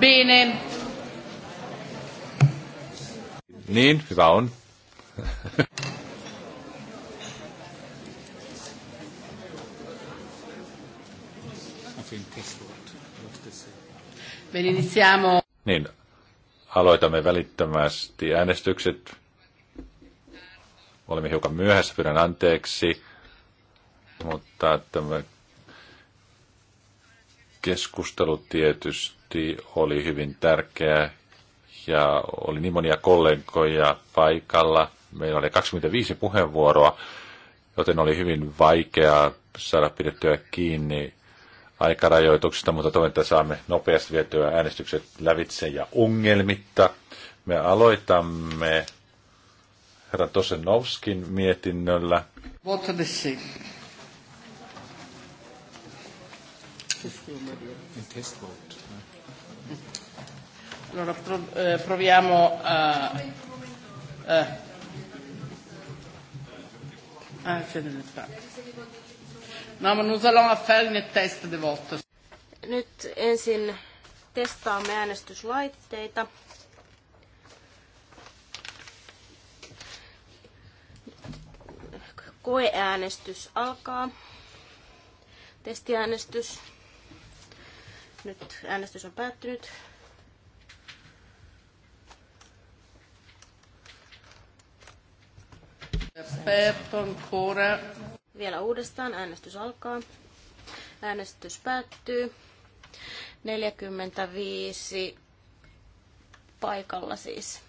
Bene. Niin, hyvä on. Me iniziamo. Niin, aloitamme välittömästi äänestykset. Olemme hiukan myöhässä, pyydän anteeksi, mutta tämä keskustelu tietysti tietysti oli hyvin tärkeä ja oli niin monia kollegoja paikalla. Meillä oli 25 puheenvuoroa, joten oli hyvin vaikea saada pidettyä kiinni aikarajoituksista, mutta toivon, että saamme nopeasti vietyä äänestykset lävitse ja ongelmitta. Me aloitamme herra Tosenovskin mietinnöllä. What are test vote. Allora pro, eh, proviamo a... Eh. Ah, c'è No, ma nous allons a faire une test de vote. Nyt ensin testaamme äänestyslaitteita. Koeäänestys alkaa. Testiäänestys. Nyt äänestys on päättynyt. Vielä uudestaan äänestys alkaa. Äänestys päättyy. 45 paikalla siis.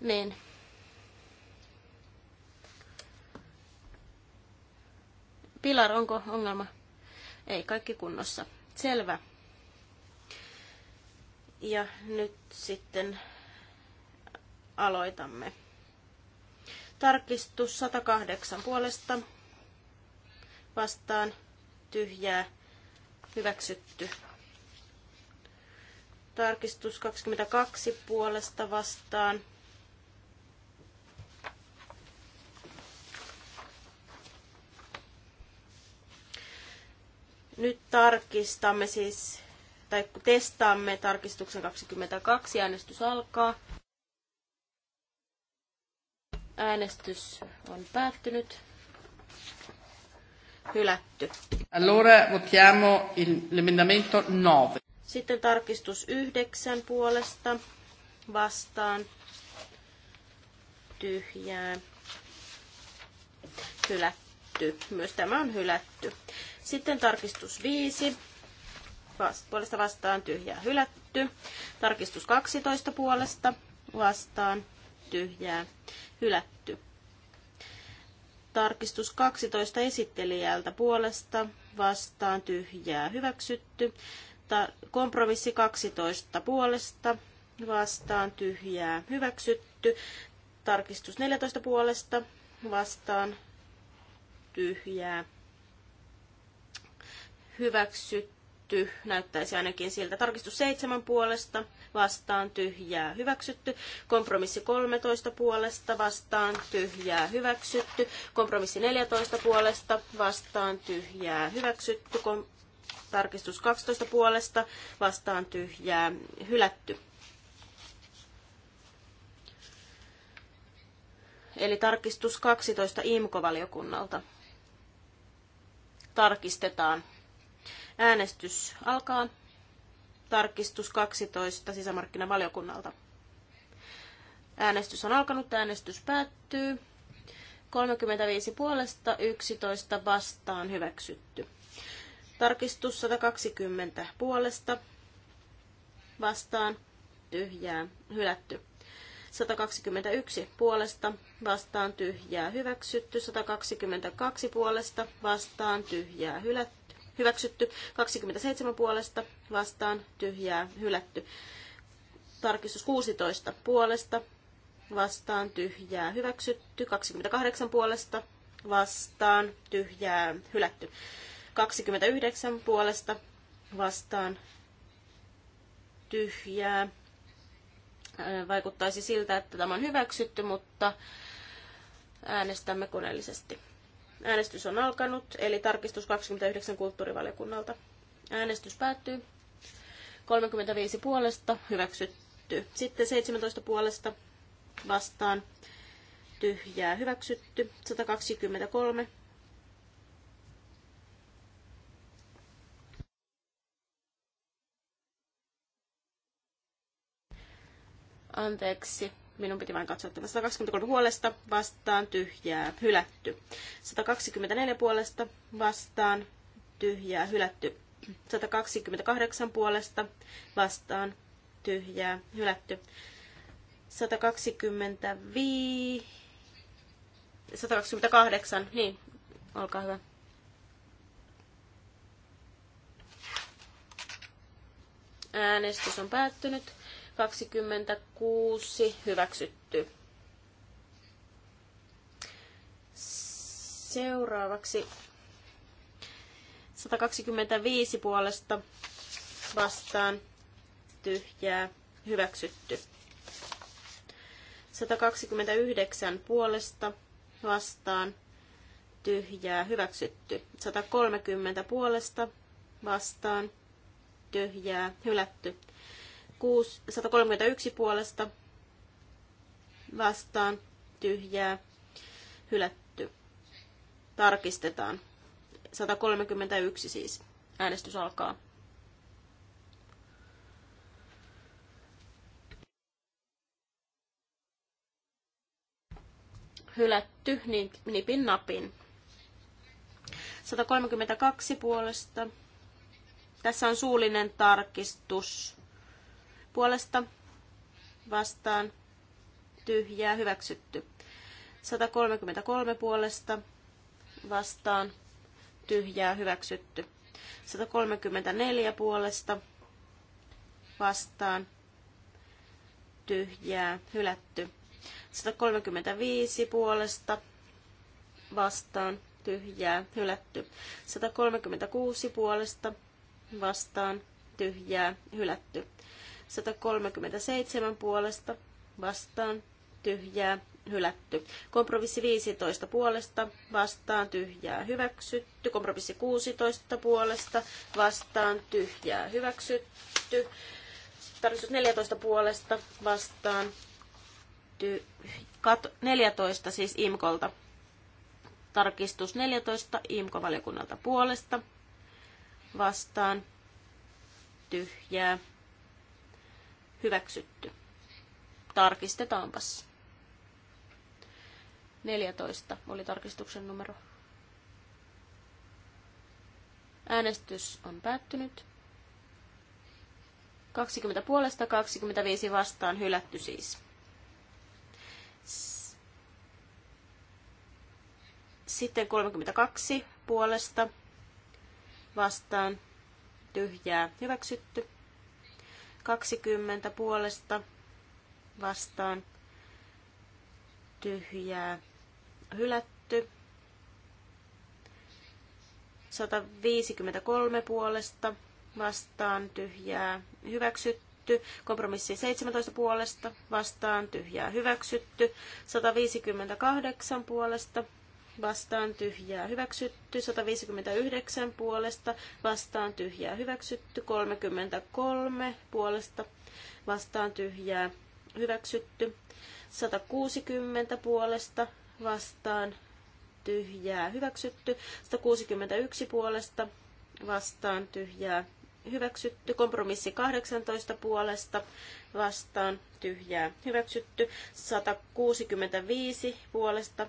Niin, Pilar, onko ongelma? Ei, kaikki kunnossa. Selvä. Ja nyt sitten aloitamme. Tarkistus 108 puolesta. Vastaan tyhjää. Hyväksytty. Tarkistus 22 puolesta vastaan Nyt tarkistamme siis, tai testaamme tarkistuksen 22. Äänestys alkaa. Äänestys on päättynyt. Hylätty. Allora votiamo l'emendamento 9. Sitten tarkistus 9 puolesta vastaan tyhjää. Hylätty hylätty. Myös tämä on hylätty. Sitten tarkistus 5. Puolesta vastaan tyhjää hylätty. Tarkistus 12 puolesta vastaan tyhjää hylätty. Tarkistus 12 esittelijältä puolesta vastaan tyhjää hyväksytty. kompromissi 12 puolesta vastaan tyhjää hyväksytty. Tarkistus 14 puolesta vastaan tyhjää hyväksytty, näyttäisi ainakin siltä. Tarkistus seitsemän puolesta, vastaan tyhjää hyväksytty. Kompromissi 13 puolesta, vastaan tyhjää hyväksytty. Kompromissi 14 puolesta, vastaan tyhjää hyväksytty. Kom- tarkistus 12 puolesta, vastaan tyhjää hylätty. Eli tarkistus 12 IMKO-valiokunnalta tarkistetaan. Äänestys alkaa. Tarkistus 12 sisämarkkinavaliokunnalta. Äänestys on alkanut, äänestys päättyy. 35 puolesta, 11 vastaan hyväksytty. Tarkistus 120 puolesta, vastaan, tyhjää, hylätty. 121 puolesta vastaan tyhjää hyväksytty, 122 puolesta vastaan tyhjää hylätty, hyväksytty, 27 puolesta vastaan tyhjää hylätty, tarkistus 16 puolesta vastaan tyhjää hyväksytty, 28 puolesta vastaan tyhjää hylätty, 29 puolesta vastaan tyhjää Äh, vaikuttaisi siltä, että tämä on hyväksytty, mutta äänestämme koneellisesti. Äänestys on alkanut, eli tarkistus 29 kulttuurivaliokunnalta. Äänestys päättyy. 35 puolesta hyväksytty. Sitten 17 puolesta vastaan tyhjää hyväksytty. 123 Anteeksi, minun piti vain katsoa tämä 123 puolesta vastaan tyhjää hylätty. 124 puolesta vastaan tyhjää hylätty. 128 puolesta vastaan tyhjää hylätty. 125 128, niin, olkaa hyvä. Äänestys on päättynyt. 26 hyväksytty. Seuraavaksi 125 puolesta vastaan tyhjää hyväksytty. 129 puolesta vastaan tyhjää hyväksytty. 130 puolesta vastaan tyhjää hylätty. 106, 131 puolesta vastaan tyhjää hylätty. Tarkistetaan. 131 siis. Äänestys alkaa. Hylätty niin nipin napin. 132 puolesta. Tässä on suullinen tarkistus puolesta vastaan tyhjää hyväksytty. 133 puolesta vastaan tyhjää hyväksytty. 134 puolesta vastaan tyhjää hylätty. 135 puolesta vastaan tyhjää hylätty. 136 puolesta vastaan tyhjää hylätty. 137 puolesta vastaan tyhjää hylätty. Kompromissi 15 puolesta vastaan tyhjää hyväksytty. Kompromissi 16 puolesta vastaan tyhjää hyväksytty. Tarkistus 14 puolesta vastaan ty- 14 siis IMKolta. Tarkistus 14 IMKO-valiokunnalta puolesta vastaan tyhjää Hyväksytty. Tarkistetaanpas. 14 oli tarkistuksen numero. Äänestys on päättynyt. 20 puolesta, 25 vastaan, hylätty siis. Sitten 32 puolesta vastaan, tyhjää, hyväksytty. 20 puolesta vastaan tyhjää hylätty. 153 puolesta vastaan tyhjää hyväksytty. Kompromissi 17 puolesta vastaan tyhjää hyväksytty. 158 puolesta vastaan tyhjää hyväksytty, 159 puolesta vastaan tyhjää hyväksytty, 33 puolesta vastaan tyhjää hyväksytty, 160 puolesta vastaan tyhjää hyväksytty, 161 puolesta vastaan tyhjää hyväksytty, kompromissi 18 puolesta vastaan tyhjää hyväksytty, 165 puolesta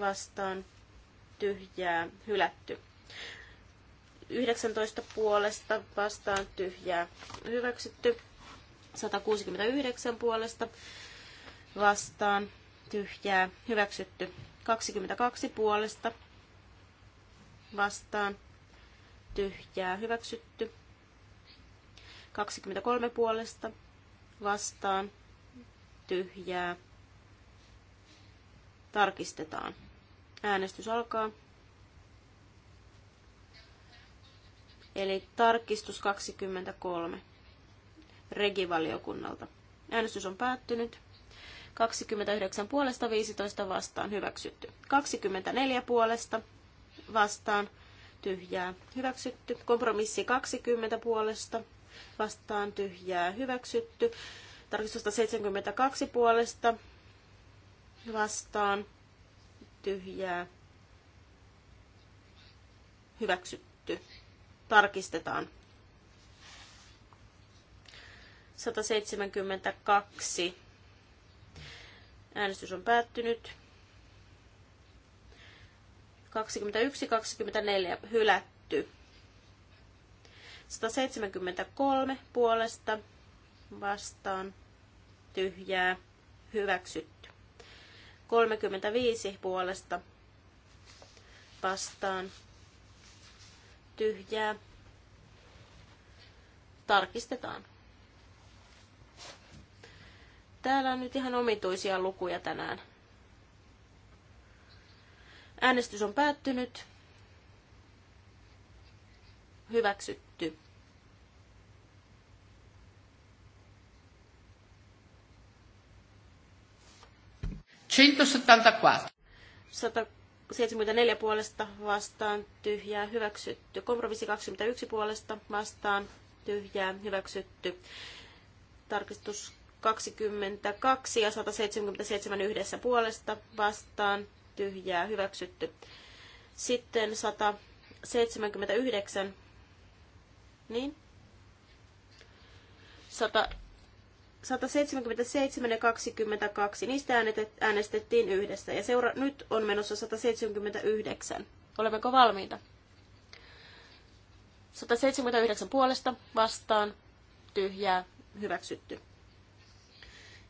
vastaan tyhjää hylätty. 19 puolesta vastaan tyhjää hyväksytty. 169 puolesta vastaan tyhjää hyväksytty. 22 puolesta vastaan tyhjää hyväksytty. 23 puolesta vastaan tyhjää tarkistetaan. Äänestys alkaa. Eli tarkistus 23 regivaliokunnalta. Äänestys on päättynyt. 29 puolesta 15 vastaan hyväksytty. 24 puolesta vastaan tyhjää hyväksytty. Kompromissi 20 puolesta vastaan tyhjää hyväksytty. Tarkistusta 72 puolesta vastaan tyhjää, hyväksytty. Tarkistetaan. 172. Äänestys on päättynyt. 21-24 hylätty. 173 puolesta vastaan tyhjää hyväksytty. 35 puolesta vastaan tyhjää. Tarkistetaan. Täällä on nyt ihan omituisia lukuja tänään. Äänestys on päättynyt. Hyväksytty. 174. 174 puolesta vastaan tyhjää hyväksytty. Kompromissi 21 puolesta vastaan tyhjää hyväksytty. Tarkistus 22 ja 177 yhdessä puolesta vastaan tyhjää hyväksytty. Sitten 179. Niin. 100, 177 ja 22, niistä äänestettiin yhdessä ja seura- nyt on menossa 179. Olemmeko valmiita? 179 puolesta vastaan tyhjää hyväksytty.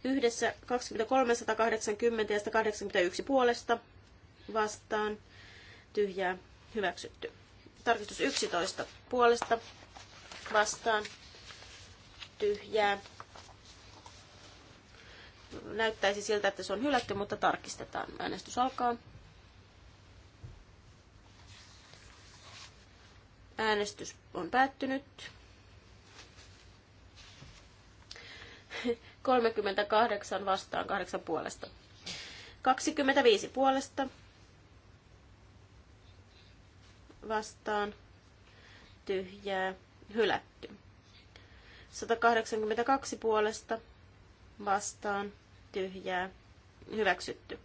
Yhdessä 23, 180 ja 181 puolesta vastaan tyhjää hyväksytty. Tarkistus 11 puolesta vastaan tyhjää näyttäisi siltä, että se on hylätty, mutta tarkistetaan. Äänestys alkaa. Äänestys on päättynyt. 38 vastaan, 8 puolesta. 25 puolesta. Vastaan. Tyhjää. Hylätty. 182 puolesta. Vastaan tyhjää hyväksytty.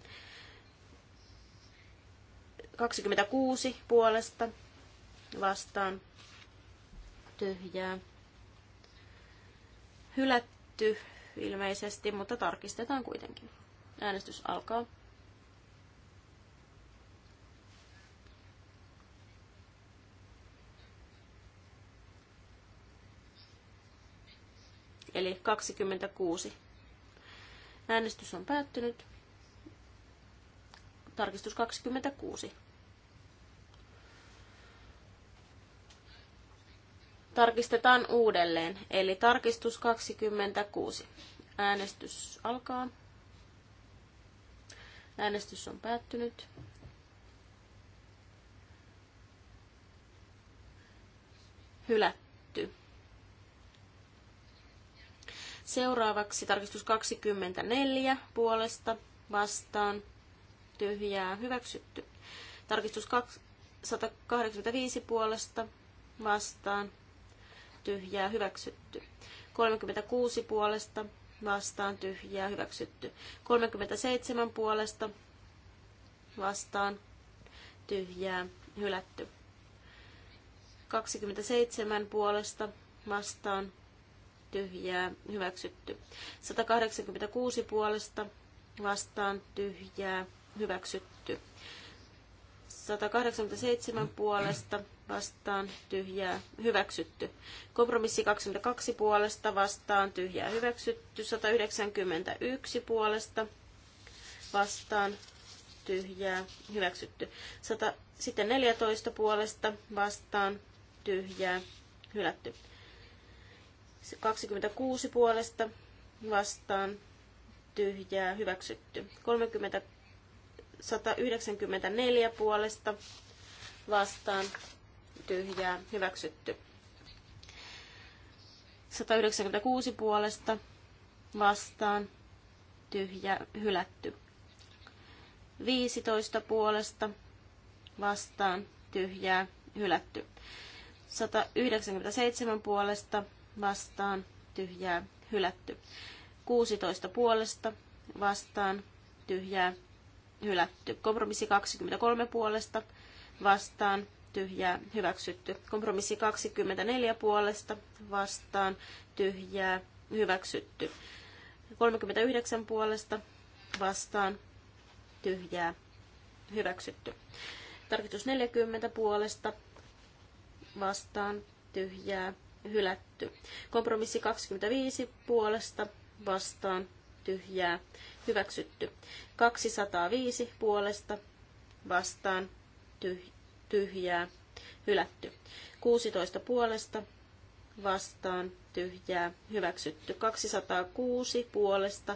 26 puolesta vastaan tyhjää hylätty ilmeisesti, mutta tarkistetaan kuitenkin. Äänestys alkaa. Eli 26 Äänestys on päättynyt. Tarkistus 26. Tarkistetaan uudelleen, eli tarkistus 26. Äänestys alkaa. Äänestys on päättynyt. Hylätty. Seuraavaksi tarkistus 24 puolesta vastaan tyhjää hyväksytty. Tarkistus 185 puolesta vastaan tyhjää hyväksytty. 36 puolesta vastaan tyhjää hyväksytty. 37 puolesta vastaan tyhjää hylätty. 27 puolesta vastaan tyhjää, hyväksytty. 186 puolesta vastaan tyhjää, hyväksytty. 187 puolesta vastaan tyhjää, hyväksytty. Kompromissi 22 puolesta vastaan tyhjää, hyväksytty. 191 puolesta vastaan tyhjää, hyväksytty. 100, sitten 14 puolesta vastaan tyhjää, hylätty. 26 puolesta vastaan tyhjää hyväksytty. 30, 194 puolesta vastaan tyhjää hyväksytty. 196 puolesta vastaan tyhjä hylätty. 15 puolesta vastaan tyhjää hylätty. 197 puolesta vastaan tyhjää hylätty. 16 puolesta vastaan tyhjää hylätty. Kompromissi 23 puolesta vastaan tyhjää hyväksytty. Kompromissi 24 puolesta vastaan tyhjää hyväksytty. 39 puolesta vastaan tyhjää hyväksytty. Tarkistus 40 puolesta vastaan tyhjää hylätty. Kompromissi 25 puolesta vastaan tyhjää hyväksytty. 205 puolesta vastaan tyhjää hylätty. 16 puolesta vastaan tyhjää hyväksytty. 206 puolesta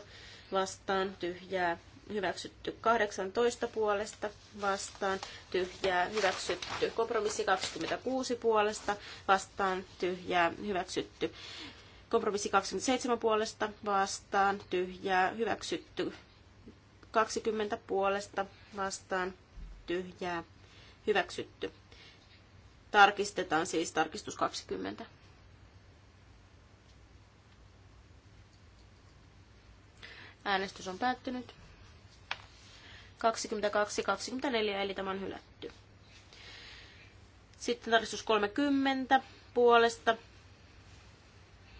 vastaan tyhjää hyväksytty 18 puolesta vastaan, tyhjää hyväksytty kompromissi 26 puolesta vastaan, tyhjää hyväksytty kompromissi 27 puolesta vastaan, tyhjää hyväksytty 20 puolesta vastaan, tyhjää hyväksytty. Tarkistetaan siis tarkistus 20. Äänestys on päättynyt. 22-24, eli tämä on hylätty. Sitten tarkistus 30 puolesta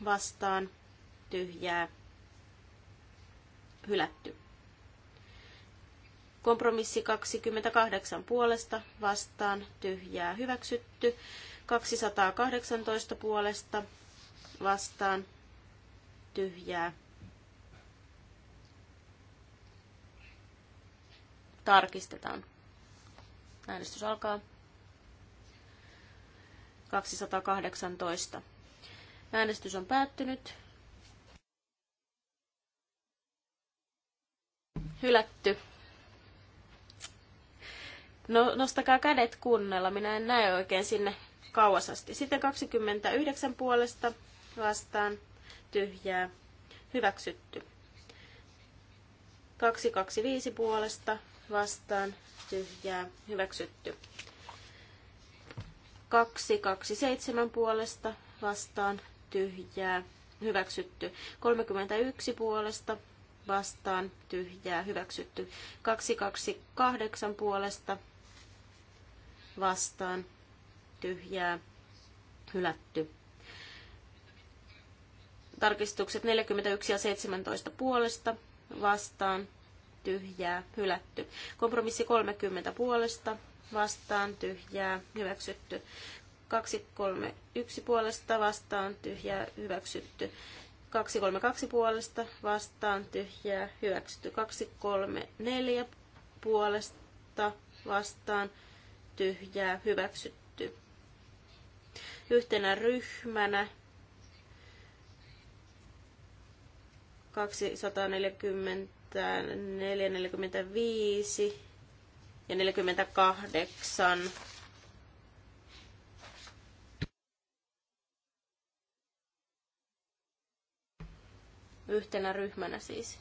vastaan tyhjää hylätty. Kompromissi 28 puolesta vastaan tyhjää hyväksytty. 218 puolesta vastaan tyhjää Tarkistetaan. Äänestys alkaa. 218. Äänestys on päättynyt. Hylätty. No, nostakaa kädet kunnella. minä en näe oikein sinne kauas asti. Sitten 29 puolesta vastaan tyhjää hyväksytty. 225 puolesta vastaan tyhjää hyväksytty. 227 puolesta vastaan tyhjää hyväksytty. 31 puolesta vastaan tyhjää hyväksytty. 228 puolesta vastaan tyhjää hylätty. Tarkistukset 41 ja 17 puolesta vastaan tyhjää, hylätty. Kompromissi 30 puolesta, vastaan, tyhjää, hyväksytty. 231 puolesta, vastaan, tyhjää, hyväksytty. 232 puolesta, vastaan, tyhjää, hyväksytty. 234 puolesta, vastaan, tyhjää, hyväksytty. Yhtenä ryhmänä 240 äänestetään 4.45 ja 48. Yhtenä ryhmänä siis.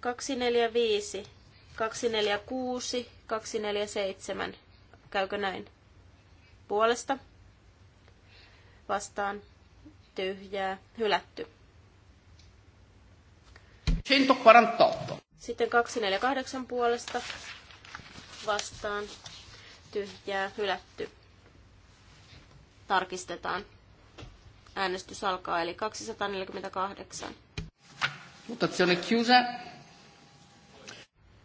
245, 246, 247. Käykö näin? Puolesta. Vastaan. Tyhjää. Hylätty. 148. Sitten 248 puolesta vastaan tyhjää hylätty. Tarkistetaan. Äänestys alkaa, eli 248. Mutazione chiusa.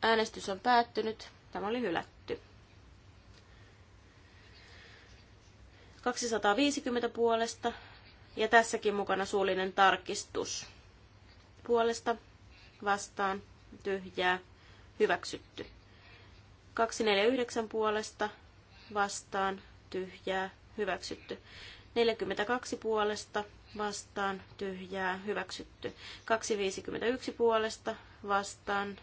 Äänestys on päättynyt. Tämä oli hylätty. 250 puolesta. Ja tässäkin mukana suullinen tarkistus puolesta vastaan tyhjää hyväksytty. 249 puolesta vastaan tyhjää hyväksytty. 42 puolesta vastaan tyhjää hyväksytty. 251 puolesta vastaan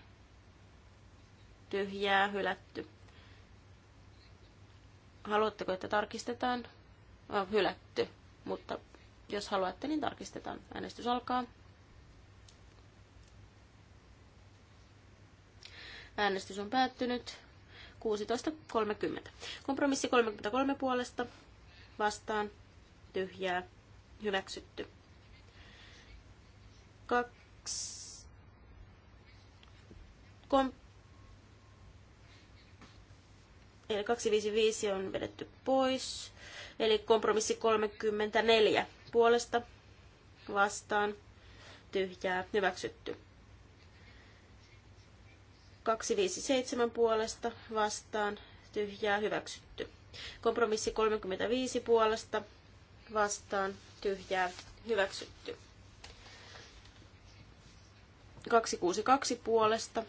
tyhjää hylätty. Haluatteko, että tarkistetaan? On hylätty, mutta jos haluatte, niin tarkistetaan. Äänestys alkaa. Äänestys on päättynyt. 16.30. Kompromissi 33 puolesta vastaan tyhjää hyväksytty. Kaksi. Kom... Eli 255 on vedetty pois. Eli kompromissi 34 puolesta vastaan tyhjää hyväksytty. 257 puolesta vastaan tyhjää hyväksytty. Kompromissi 35 puolesta vastaan tyhjää hyväksytty. 262 puolesta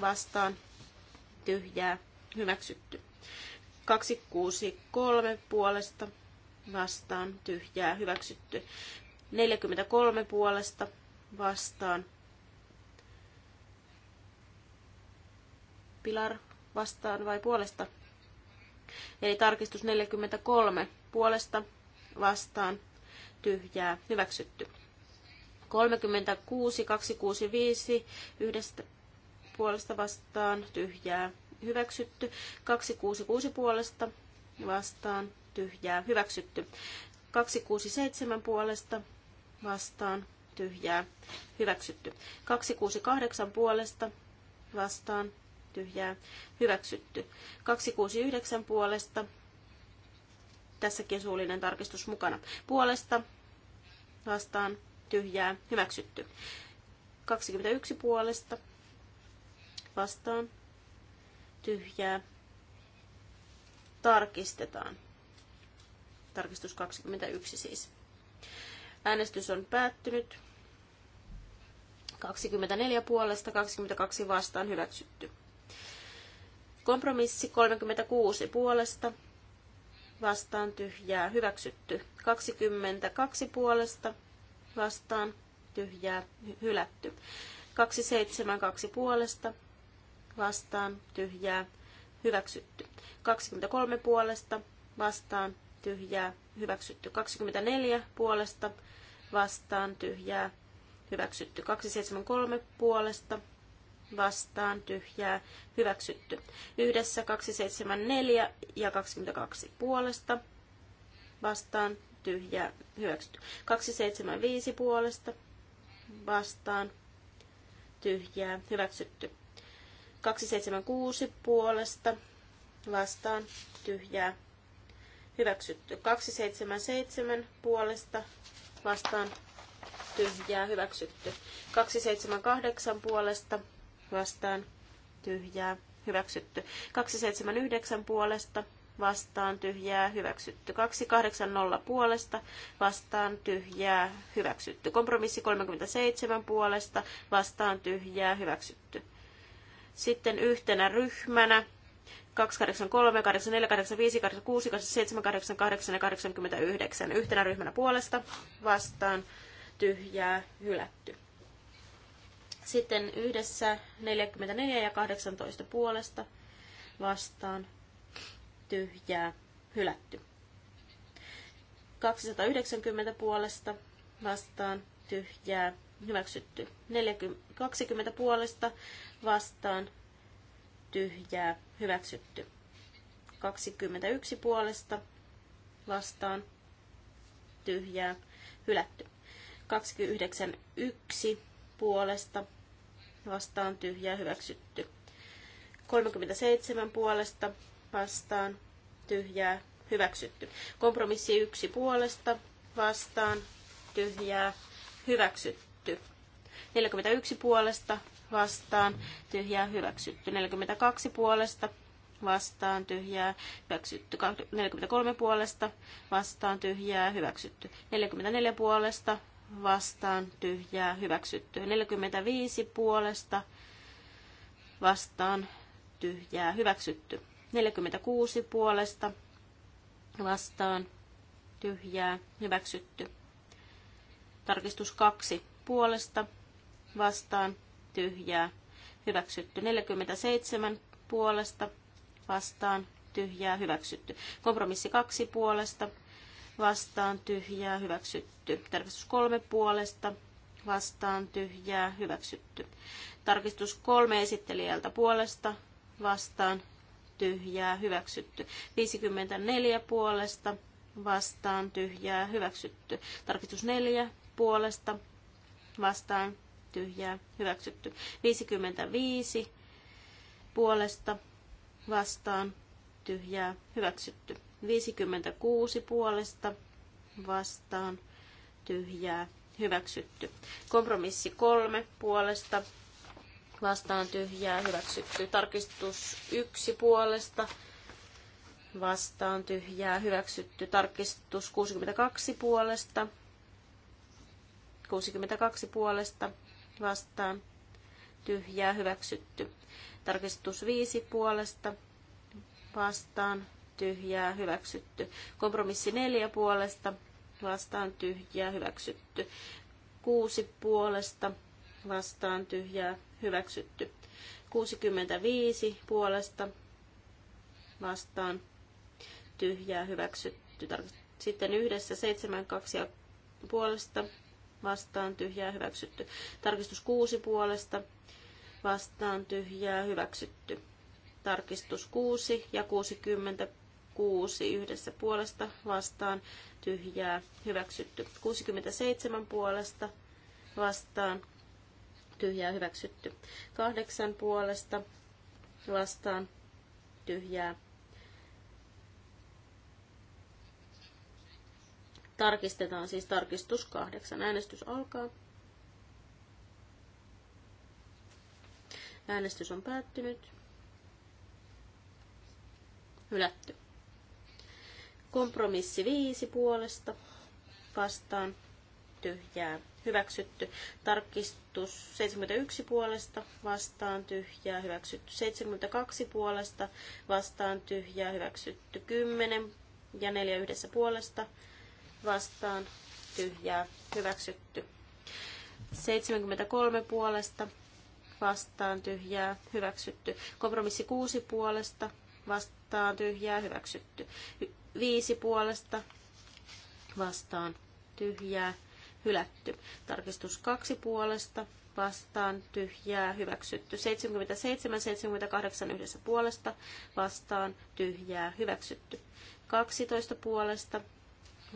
vastaan tyhjää hyväksytty. 263 puolesta vastaan tyhjää hyväksytty. 43 puolesta vastaan Pilar vastaan vai puolesta? Eli tarkistus 43 puolesta vastaan tyhjää hyväksytty. 36, 265 yhdestä puolesta vastaan tyhjää hyväksytty. 266 puolesta vastaan tyhjää hyväksytty. 267 puolesta vastaan tyhjää hyväksytty. 268 puolesta vastaan tyhjää hyväksytty. 269 puolesta, tässäkin suullinen tarkistus mukana, puolesta vastaan tyhjää hyväksytty. 21 puolesta vastaan tyhjää tarkistetaan. Tarkistus 21 siis. Äänestys on päättynyt. 24 puolesta, 22 vastaan hyväksytty. Kompromissi 36 puolesta vastaan tyhjää hyväksytty. 22 puolesta vastaan tyhjää hylätty. 272 puolesta vastaan tyhjää hyväksytty. 23 puolesta vastaan tyhjää hyväksytty. 24 puolesta vastaan tyhjää hyväksytty. 273 puolesta vastaan tyhjää hyväksytty. Yhdessä 274 ja 22 puolesta vastaan tyhjää hyväksytty. 275 puolesta vastaan tyhjää hyväksytty. 276 puolesta vastaan tyhjää hyväksytty. 277 puolesta vastaan tyhjää hyväksytty. 278 puolesta vastaan tyhjää hyväksytty. 279 puolesta vastaan tyhjää hyväksytty. 280 puolesta vastaan tyhjää hyväksytty. Kompromissi 37 puolesta vastaan tyhjää hyväksytty. Sitten yhtenä ryhmänä 283, 84, 85, 86, 87, 88 ja 89. Yhtenä ryhmänä puolesta vastaan tyhjää hylätty. Sitten yhdessä 44 ja 18 puolesta vastaan tyhjää hylätty. 290 puolesta vastaan tyhjää hyväksytty. 40, 20 puolesta vastaan tyhjää hyväksytty. 21 puolesta vastaan tyhjää hylätty. 29 1 puolesta vastaan tyhjä hyväksytty. 37 puolesta vastaan tyhjää hyväksytty. Kompromissi 1 puolesta vastaan tyhjää hyväksytty. 41 puolesta vastaan tyhjää hyväksytty. 42 puolesta vastaan tyhjää hyväksytty. 43 puolesta vastaan tyhjää hyväksytty. 44 puolesta vastaan tyhjää hyväksyttyä. 45 puolesta vastaan tyhjää hyväksytty. 46 puolesta vastaan tyhjää hyväksytty. Tarkistus 2 puolesta vastaan tyhjää hyväksytty. 47 puolesta vastaan tyhjää hyväksytty. Kompromissi 2 puolesta vastaan tyhjää hyväksytty. Tarkistus kolme puolesta vastaan tyhjää hyväksytty. Tarkistus kolme esittelijältä puolesta vastaan tyhjää hyväksytty. 54 puolesta vastaan tyhjää hyväksytty. Tarkistus neljä puolesta vastaan tyhjää hyväksytty. 55 puolesta vastaan tyhjää hyväksytty. 56 puolesta vastaan tyhjää hyväksytty. Kompromissi 3 puolesta vastaan tyhjää hyväksytty. Tarkistus 1 puolesta vastaan tyhjää hyväksytty. Tarkistus 62 puolesta 62 puolesta vastaan tyhjää hyväksytty. Tarkistus 5 puolesta vastaan tyhjää hyväksytty. Kompromissi neljä puolesta vastaan tyhjää hyväksytty. Kuusi puolesta vastaan tyhjää hyväksytty. 65 puolesta vastaan tyhjää hyväksytty. Sitten yhdessä 72 ja puolesta vastaan tyhjää hyväksytty. Tarkistus 6 puolesta vastaan tyhjää hyväksytty. Tarkistus 6 ja 60 6 yhdessä puolesta vastaan tyhjää hyväksytty. 67 puolesta vastaan tyhjää hyväksytty. 8 puolesta vastaan tyhjää. Tarkistetaan siis tarkistus 8. Äänestys alkaa. Äänestys on päättynyt. Hylätty. Kompromissi viisi puolesta vastaan tyhjää hyväksytty. Tarkistus 71 puolesta vastaan tyhjää hyväksytty. 72 puolesta vastaan tyhjää hyväksytty. 10 ja 4 yhdessä puolesta vastaan tyhjää hyväksytty. 73 puolesta vastaan tyhjää hyväksytty. Kompromissi 6 puolesta vastaan tyhjää hyväksytty viisi puolesta vastaan tyhjää hylätty. Tarkistus kaksi puolesta vastaan tyhjää hyväksytty. 77, 78 yhdessä puolesta vastaan tyhjää hyväksytty. 12 puolesta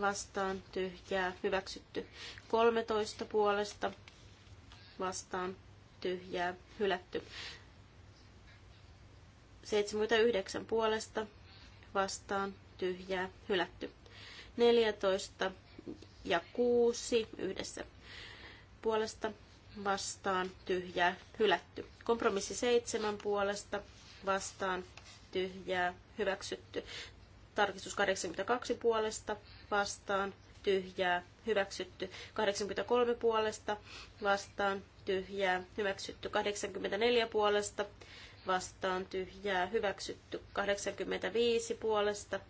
vastaan tyhjää hyväksytty. 13 puolesta vastaan tyhjää hylätty. 79 puolesta vastaan tyhjää, hylätty. 14 ja 6 yhdessä puolesta vastaan tyhjää, hylätty. Kompromissi 7 puolesta vastaan tyhjää, hyväksytty. Tarkistus 82 puolesta vastaan tyhjää, hyväksytty. 83 puolesta vastaan tyhjää, hyväksytty. 84 puolesta vastaan tyhjää, hyväksytty. 85 puolesta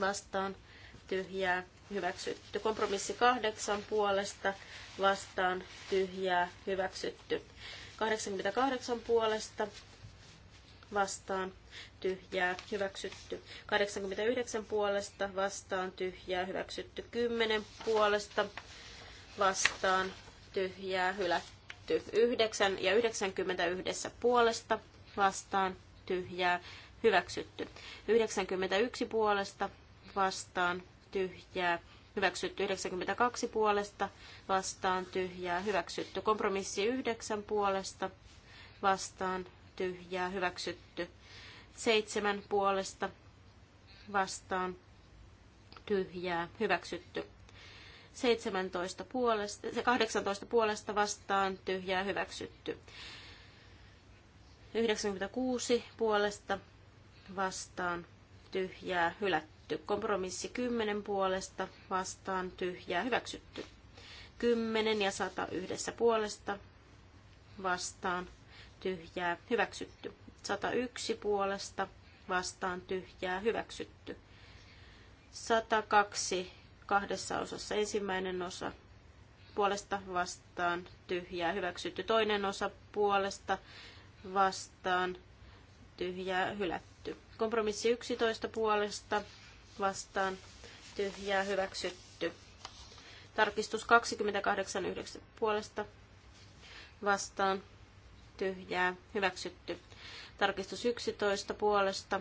vastaan tyhjää hyväksytty. Kompromissi kahdeksan puolesta vastaan tyhjää hyväksytty. 88 puolesta vastaan tyhjää hyväksytty. 89 puolesta vastaan tyhjää hyväksytty. 10 puolesta vastaan tyhjää hylätty. 9 ja 91 puolesta vastaan tyhjää hyväksytty. 91 puolesta vastaan tyhjää, hyväksytty 92 puolesta, vastaan tyhjää, hyväksytty kompromissi 9 puolesta, vastaan tyhjää, hyväksytty 7 puolesta, vastaan tyhjää, hyväksytty 17 puolesta, 18 puolesta vastaan tyhjää, hyväksytty 96 puolesta vastaan tyhjää, hylätty hyväksytty. Kompromissi 10 puolesta vastaan tyhjää hyväksytty. 10 ja 100 yhdessä puolesta vastaan tyhjää hyväksytty. 101 puolesta vastaan tyhjää hyväksytty. 102 kahdessa osassa ensimmäinen osa puolesta vastaan tyhjää hyväksytty. Toinen osa puolesta vastaan tyhjää hylätty. Kompromissi 11 puolesta vastaan tyhjää hyväksytty. Tarkistus 289 puolesta vastaan tyhjää hyväksytty. Tarkistus 11 puolesta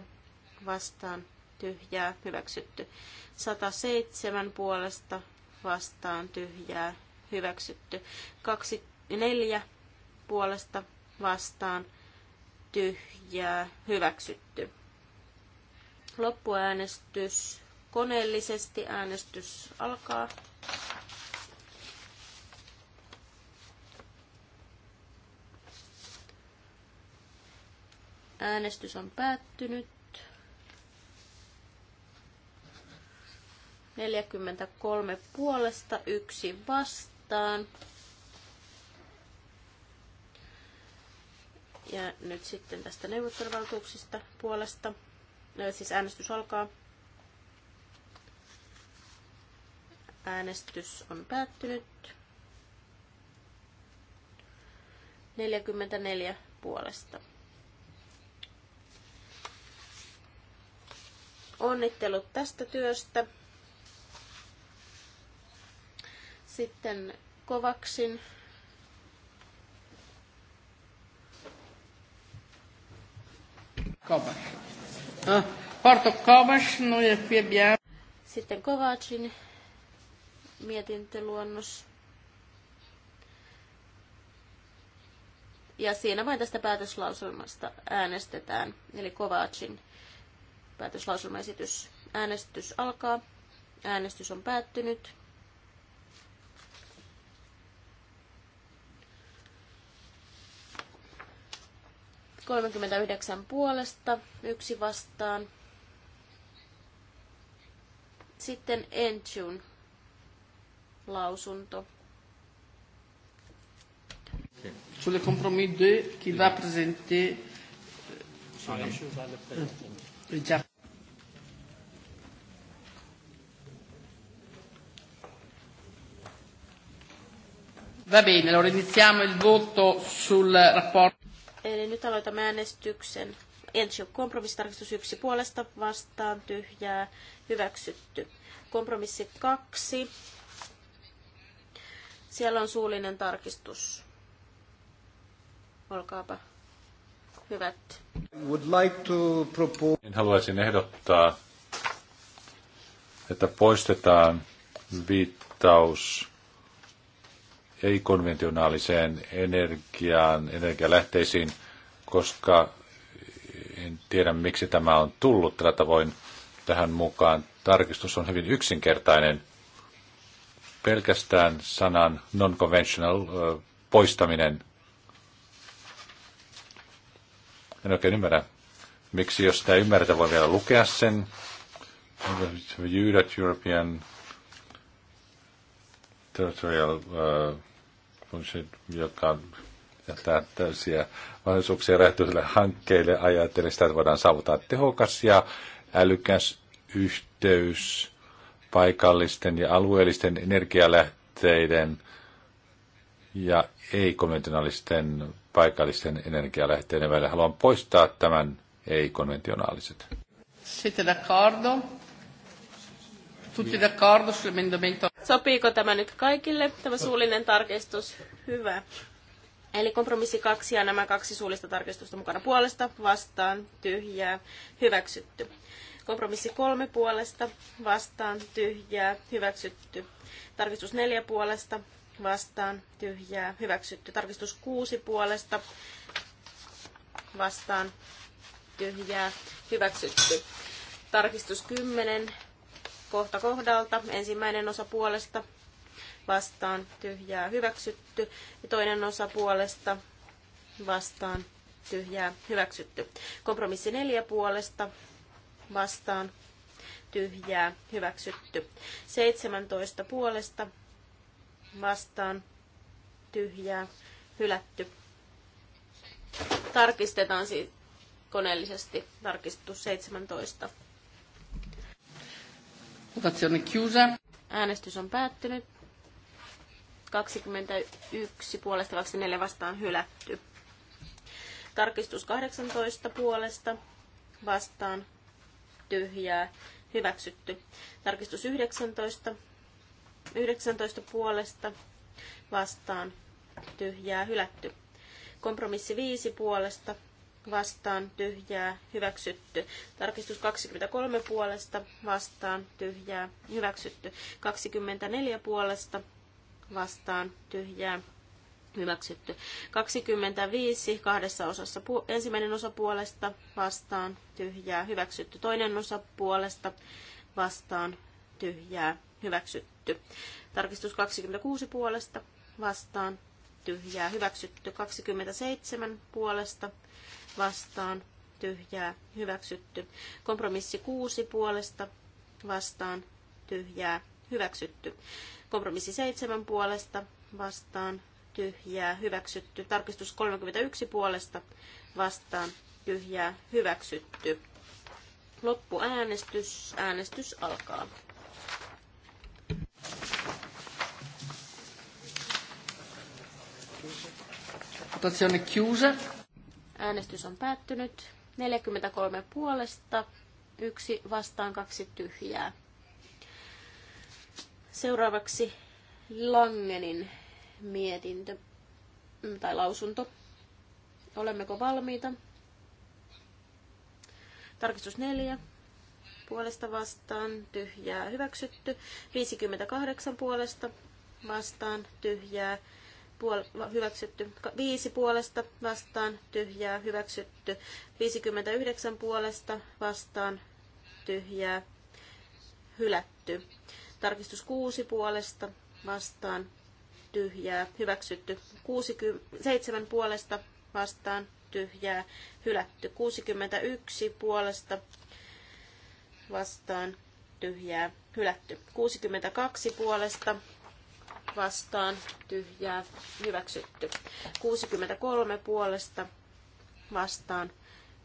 vastaan tyhjää hyväksytty. 107 puolesta vastaan tyhjää hyväksytty. 24 puolesta vastaan tyhjää hyväksytty. Loppuäänestys koneellisesti. Äänestys alkaa. Äänestys on päättynyt. 43 puolesta, yksi vastaan. Ja nyt sitten tästä neuvotteluvaltuuksista puolesta Äh, siis äänestys alkaa. Äänestys on päättynyt. 44 puolesta. Onnittelut tästä työstä. Sitten Kovaksin Kovak. Porto Kovas, no ja Sitten Kovacin mietintöluonnos. Ja siinä vain tästä päätöslauselmasta äänestetään, eli Kovacin päätöslauselmaesitys. Äänestys alkaa. Äänestys on päättynyt. 39 puolesta, yksi vastaan. Sitten Enchun lausunto. Sur le compromis 2 qu'il va présenter. Euh, Va bene, allora iniziamo il voto sul rapporto. Eli nyt aloitamme äänestyksen. Ensin kompromissitarkistus yksi puolesta vastaan tyhjää hyväksytty. Kompromissi kaksi. Siellä on suullinen tarkistus. Olkaapa hyvät. Would like to propose... Niin haluaisin ehdottaa, että poistetaan viittaus ei-konventionaaliseen energiaan, energialähteisiin, koska en tiedä miksi tämä on tullut tällä tavoin tähän mukaan. Tarkistus on hyvin yksinkertainen. Pelkästään sanan non-conventional poistaminen. En oikein ymmärrä, miksi jos sitä ei ymmärretä, voi vielä lukea sen. European territorial uh, joka jättää täysiä mahdollisuuksia räjähtyisille hankkeille. Ajattelen sitä, että voidaan saavuttaa tehokas ja älykäs yhteys paikallisten ja alueellisten energialähteiden ja ei-konventionaalisten paikallisten energialähteiden välillä. Haluan poistaa tämän ei-konventionaaliset. Siete d'accordo? Tutti d'accordo sull'emendamento Sopiiko tämä nyt kaikille, tämä suullinen tarkistus? Hyvä. Eli kompromissi kaksi ja nämä kaksi suullista tarkistusta mukana puolesta, vastaan, tyhjää, hyväksytty. Kompromissi kolme puolesta, vastaan, tyhjää, hyväksytty. Tarkistus neljä puolesta, vastaan, tyhjää, hyväksytty. Tarkistus kuusi puolesta, vastaan, tyhjää, hyväksytty. Tarkistus kymmenen kohta kohdalta. Ensimmäinen osa puolesta vastaan tyhjää hyväksytty ja toinen osa puolesta vastaan tyhjää hyväksytty. Kompromissi neljä puolesta vastaan tyhjää hyväksytty. 17 puolesta vastaan tyhjää hylätty. Tarkistetaan siis koneellisesti tarkistus 17. Votazione chiusa. Äänestys on päättynyt. 21 puolesta 24 vastaan hylätty. Tarkistus 18 puolesta vastaan tyhjää hyväksytty. Tarkistus 19, 19 puolesta vastaan tyhjää hylätty. Kompromissi 5 puolesta vastaan tyhjää hyväksytty. Tarkistus 23 puolesta vastaan tyhjää hyväksytty. 24 puolesta vastaan tyhjää hyväksytty. 25 kahdessa osassa ensimmäinen osa puolesta vastaan tyhjää hyväksytty. Toinen osa puolesta vastaan tyhjää hyväksytty. Tarkistus 26 puolesta vastaan tyhjää hyväksytty. 27 puolesta vastaan tyhjää hyväksytty. Kompromissi 6 puolesta vastaan tyhjää hyväksytty. Kompromissi 7 puolesta vastaan tyhjää hyväksytty. Tarkistus 31 puolesta vastaan tyhjää hyväksytty. Loppuäänestys. Äänestys alkaa. Votazione chiusa. Äänestys on päättynyt. 43 puolesta, yksi vastaan, kaksi tyhjää. Seuraavaksi Langenin mietintö mm, tai lausunto. Olemmeko valmiita? Tarkistus 4. Puolesta vastaan tyhjää hyväksytty. 58 puolesta vastaan tyhjää puol- hyväksytty, 5 puolesta vastaan tyhjää hyväksytty, 59 puolesta vastaan tyhjää hylätty, tarkistus 6 puolesta vastaan tyhjää hyväksytty, 60, 7 puolesta vastaan tyhjää hylätty, 61 puolesta vastaan tyhjää hylätty, 62 puolesta vastaan tyhjää hyväksytty. 63 puolesta vastaan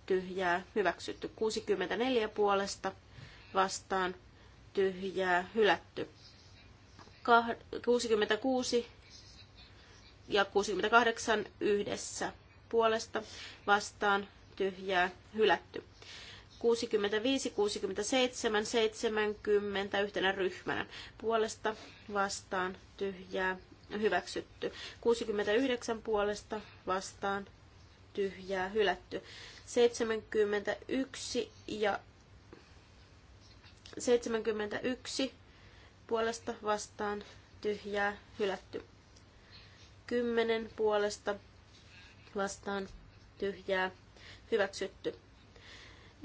tyhjää hyväksytty. 64 puolesta vastaan tyhjää hylätty. 66 ja 68 yhdessä puolesta vastaan tyhjää hylätty. 65, 67, 70 yhtenä ryhmänä. Puolesta vastaan tyhjää hyväksytty. 69 puolesta vastaan tyhjää hylätty. 71 ja 71 puolesta vastaan tyhjää hylätty. 10 puolesta vastaan tyhjää hyväksytty.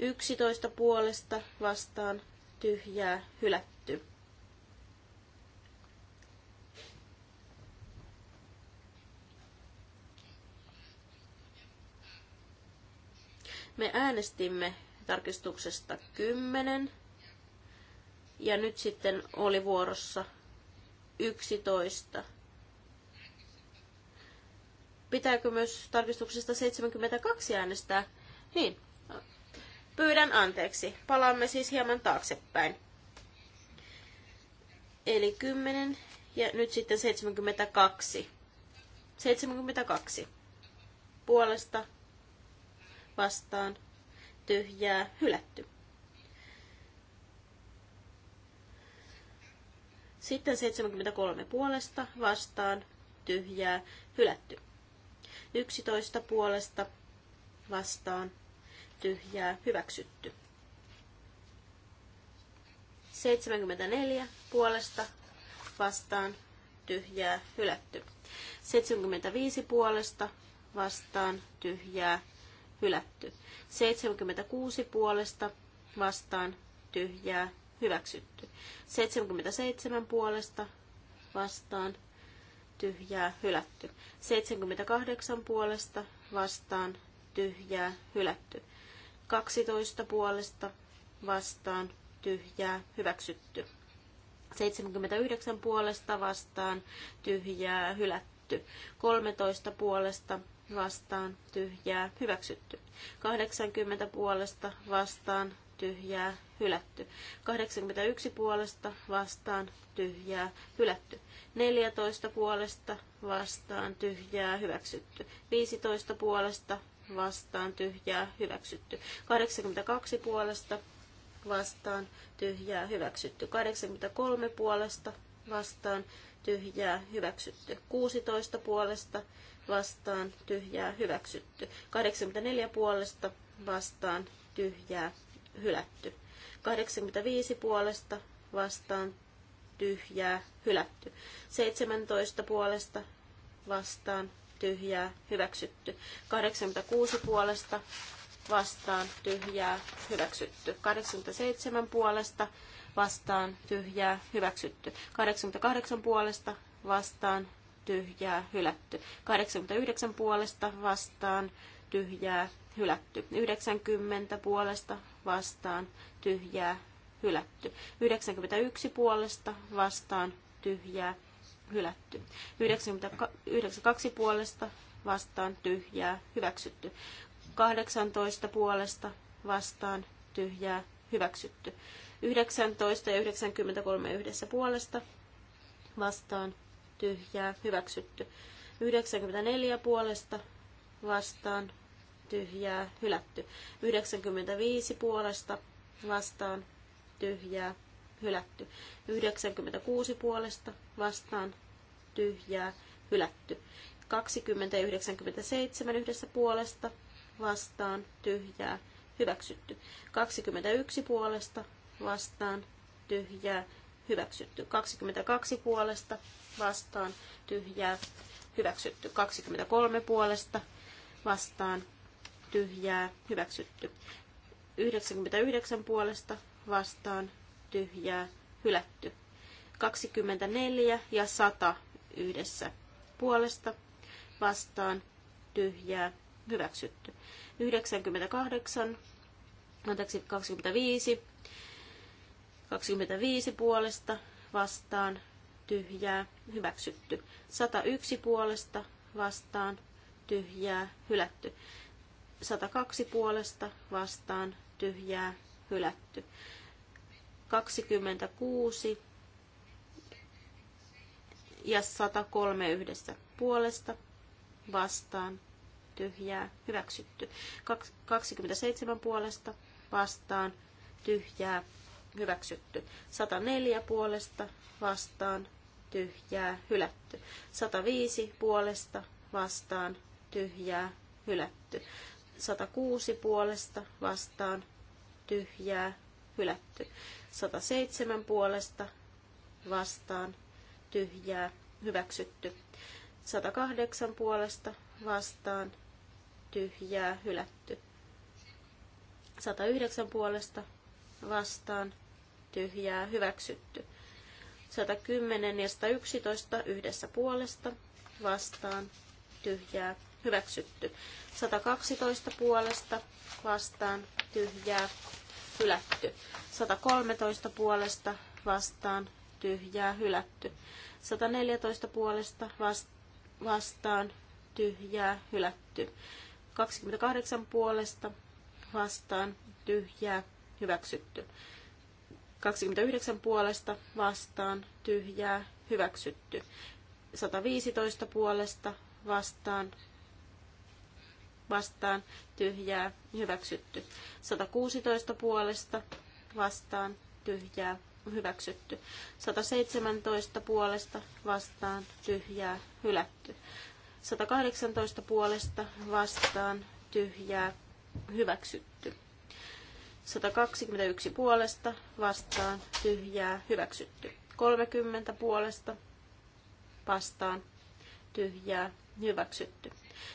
11 puolesta vastaan tyhjää hylätty. Me äänestimme tarkistuksesta 10 ja nyt sitten oli vuorossa 11. Pitääkö myös tarkistuksesta 72 äänestää? Niin, Pyydän anteeksi. Palaamme siis hieman taaksepäin. Eli 10 ja nyt sitten 72. 72. Puolesta vastaan tyhjää hylätty. Sitten 73 puolesta vastaan tyhjää hylätty. 11 puolesta vastaan ja hyväksytty. 74 puolesta vastaan tyhjää hylätty. 75 puolesta vastaan tyhjää hylätty. 76 puolesta vastaan tyhjää hyväksytty. 77 puolesta vastaan tyhjää hylätty. 78 puolesta vastaan tyhjää hylätty. 12 puolesta vastaan tyhjää hyväksytty. 79 puolesta vastaan tyhjää hylätty. 13 puolesta vastaan tyhjää hyväksytty. 80 puolesta vastaan tyhjää hylätty. 81 puolesta vastaan tyhjää hylätty. 14 puolesta vastaan tyhjää hyväksytty. 15 puolesta vastaan tyhjää hyväksytty. 82 puolesta vastaan tyhjää hyväksytty. 83 puolesta vastaan tyhjää hyväksytty. 16 puolesta vastaan tyhjää hyväksytty. 84 puolesta vastaan tyhjää hylätty. 85 puolesta vastaan tyhjää hylätty. 17 puolesta vastaan tyhjää, hyväksytty. 86 puolesta vastaan, tyhjää, hyväksytty. 87 puolesta vastaan, tyhjää, hyväksytty. 88 puolesta vastaan, tyhjää, hylätty. 89 puolesta vastaan, tyhjää, hylätty. 90 puolesta vastaan, tyhjää, hylätty. 91 puolesta vastaan, tyhjää, hylätty. 92 puolesta vastaan tyhjää hyväksytty. 18 puolesta vastaan tyhjää hyväksytty. 19 ja 93 yhdessä puolesta vastaan tyhjää hyväksytty. 94 puolesta vastaan tyhjää hylätty. 95 puolesta vastaan tyhjää hylätty. 96 puolesta vastaan tyhjää hylätty. 20 ja 97 yhdessä puolesta vastaan tyhjää hyväksytty. 21 puolesta vastaan tyhjää hyväksytty. 22 puolesta vastaan tyhjää hyväksytty. 23 puolesta vastaan tyhjää hyväksytty. 99 puolesta vastaan tyhjää, hylätty. 24 ja 100 yhdessä puolesta vastaan tyhjää, hyväksytty. 98, anteeksi 25, 25 puolesta vastaan tyhjää, hyväksytty. 101 puolesta vastaan tyhjää, hylätty. 102 puolesta vastaan tyhjää, hylätty. 26 ja 103 yhdessä puolesta vastaan tyhjää hyväksytty. 27 puolesta vastaan tyhjää hyväksytty. 104 puolesta vastaan tyhjää hylätty. 105 puolesta vastaan tyhjää hylätty. 106 puolesta vastaan tyhjää hylätty. 107 puolesta vastaan tyhjää hyväksytty. 108 puolesta vastaan tyhjää hylätty. 109 puolesta vastaan tyhjää hyväksytty. 110 ja 111 yhdessä puolesta vastaan tyhjää hyväksytty. 112 puolesta vastaan tyhjää hylätty. 113 puolesta vastaan tyhjää hylätty. 114 puolesta vastaan tyhjää hylätty. 28 puolesta vastaan tyhjää hyväksytty. 29 puolesta vastaan tyhjää hyväksytty. 115 puolesta vastaan vastaan tyhjää hyväksytty. 116 puolesta vastaan tyhjää hyväksytty. 117 puolesta vastaan tyhjää hylätty. 118 puolesta vastaan tyhjää hyväksytty. 121 puolesta vastaan tyhjää hyväksytty. 30 puolesta vastaan tyhjää hyväksytty.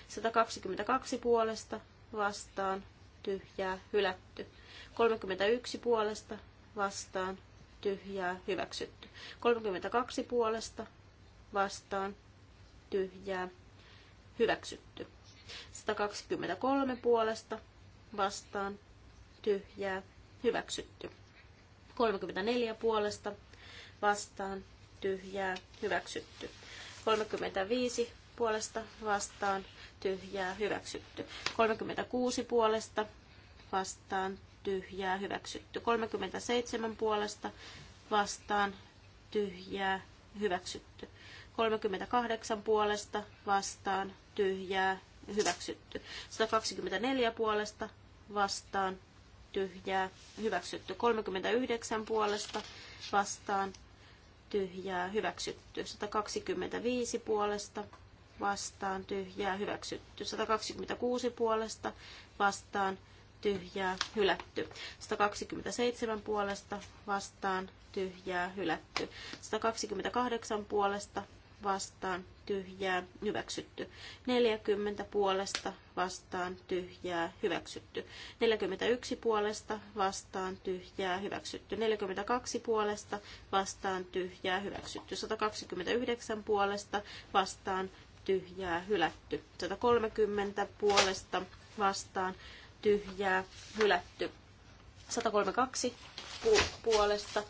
122 puolesta vastaan tyhjää hylätty. 31 puolesta vastaan tyhjää hyväksytty. 32 puolesta vastaan tyhjää hyväksytty. 123 puolesta vastaan tyhjää hyväksytty. 34 puolesta vastaan tyhjää hyväksytty. 35 puolesta vastaan tyhjää hyväksytty. 36 puolesta vastaan tyhjää hyväksytty. 37 puolesta vastaan tyhjää hyväksytty. 38 puolesta vastaan tyhjää hyväksytty. 124 puolesta vastaan tyhjää hyväksytty. 39 puolesta vastaan tyhjää hyväksytty. 125 puolesta vastaan tyhjää hyväksytty. 126 puolesta vastaan tyhjää hylätty. 127 puolesta vastaan tyhjää hylätty. 128 puolesta vastaan tyhjää hyväksytty. 40 puolesta vastaan tyhjää hyväksytty. 41 puolesta vastaan tyhjää hyväksytty. 42 puolesta vastaan tyhjää hyväksytty. 129 puolesta vastaan tyhjää, hylätty. 130 puolesta vastaan, tyhjää, hylätty. 132 pu- puolesta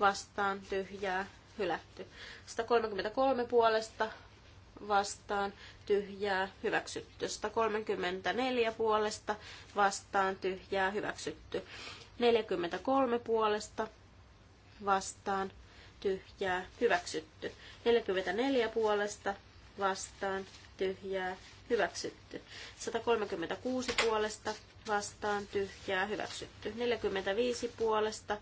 vastaan, tyhjää, hylätty. 133 puolesta vastaan, tyhjää, hyväksytty. 134 puolesta vastaan, tyhjää, hyväksytty. 43 puolesta vastaan, tyhjää, hyväksytty. 44 puolesta vastaan tyhjää hyväksytty. 136 puolesta vastaan tyhjää hyväksytty. 45 puolesta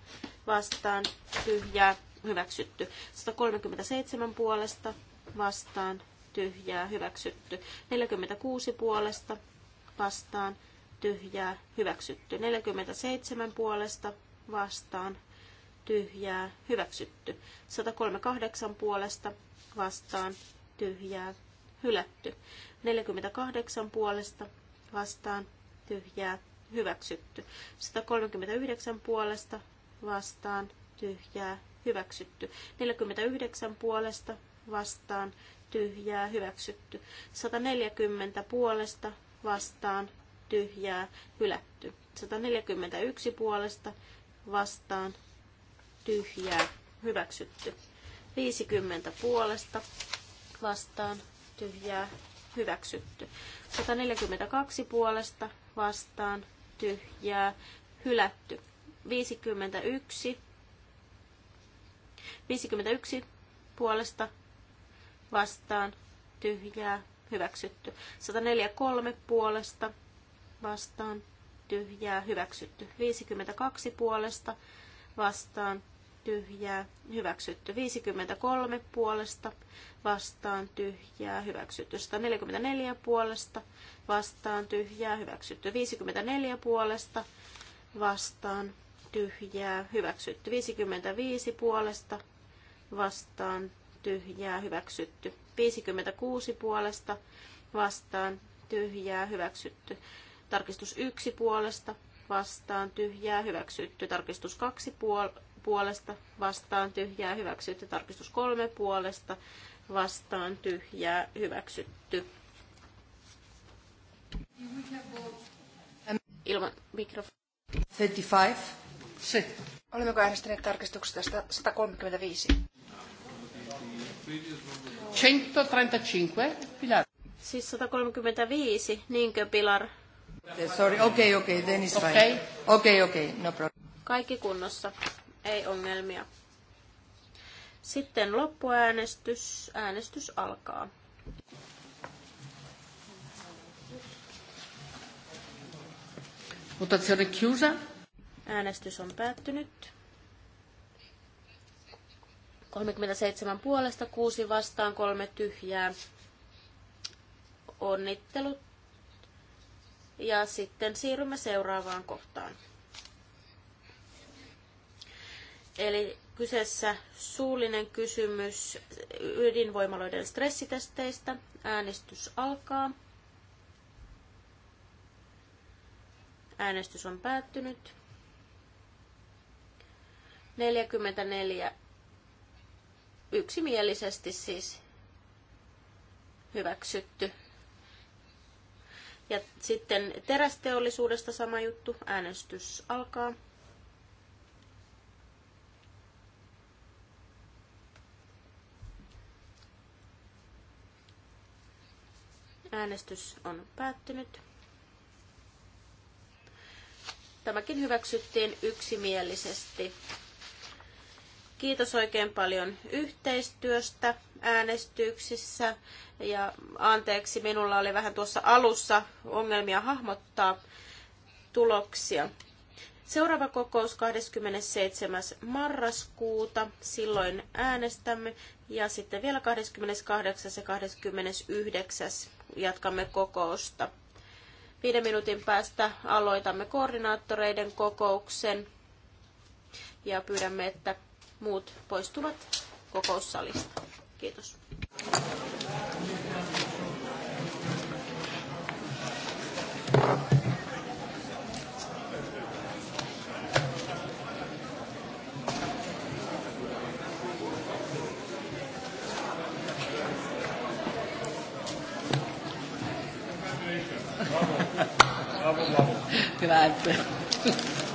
vastaan tyhjää hyväksytty. 137 puolesta vastaan tyhjää hyväksytty. 46 puolesta vastaan tyhjää hyväksytty. 47 puolesta vastaan tyhjää hyväksytty. 138 puolesta vastaan tyhjää, hylätty. 48 puolesta vastaan, tyhjää, hyväksytty. 139 puolesta vastaan, tyhjää, hyväksytty. 49 puolesta vastaan, tyhjää, hyväksytty. 140 puolesta vastaan, tyhjää, hylätty. 141 puolesta vastaan, tyhjää, hyväksytty. 50 puolesta vastaan tyhjää hyväksytty. 142 puolesta vastaan tyhjää hylätty. 51 51 puolesta vastaan tyhjää hyväksytty. 143 puolesta vastaan tyhjää hyväksytty. 52 puolesta vastaan tyhjää, hyväksytty. 53 puolesta vastaan tyhjää, hyväksytty. 144 puolesta vastaan tyhjää, hyväksytty. 54 puolesta vastaan tyhjää, hyväksytty. 55 puolesta vastaan tyhjää, hyväksytty. 56 puolesta vastaan tyhjää, hyväksytty. Tarkistus 1 puolesta vastaan tyhjää, hyväksytty. Tarkistus 2 puolesta puolesta vastaan tyhjää hyväksytty. Tarkistus kolme puolesta vastaan tyhjää hyväksytty. Ilman mikrofoni. 35. Olemmeko äänestäneet tarkistuksesta tästä 135? 135. Pilar. Siis 135, niinkö Pilar? Sorry, okei, okay, okei, okay, then it's fine. Okei, okay. okei, okay, okay, no problem. Kaikki kunnossa ei ongelmia. Sitten loppuäänestys. Äänestys alkaa. on kiusa. Äänestys on päättynyt. 37 puolesta, 6 vastaan, 3 tyhjää. Onnittelut. Ja sitten siirrymme seuraavaan kohtaan. Eli kyseessä suullinen kysymys ydinvoimaloiden stressitesteistä. Äänestys alkaa. Äänestys on päättynyt. 44 yksimielisesti siis hyväksytty. Ja sitten terästeollisuudesta sama juttu. Äänestys alkaa. Äänestys on päättynyt. Tämäkin hyväksyttiin yksimielisesti. Kiitos oikein paljon yhteistyöstä äänestyksissä ja anteeksi, minulla oli vähän tuossa alussa ongelmia hahmottaa tuloksia. Seuraava kokous 27. marraskuuta, silloin äänestämme ja sitten vielä 28. ja 29 jatkamme kokousta. Viiden minuutin päästä aloitamme koordinaattoreiden kokouksen ja pyydämme, että muut poistuvat kokoussalista. Kiitos. Thank you. Grazie.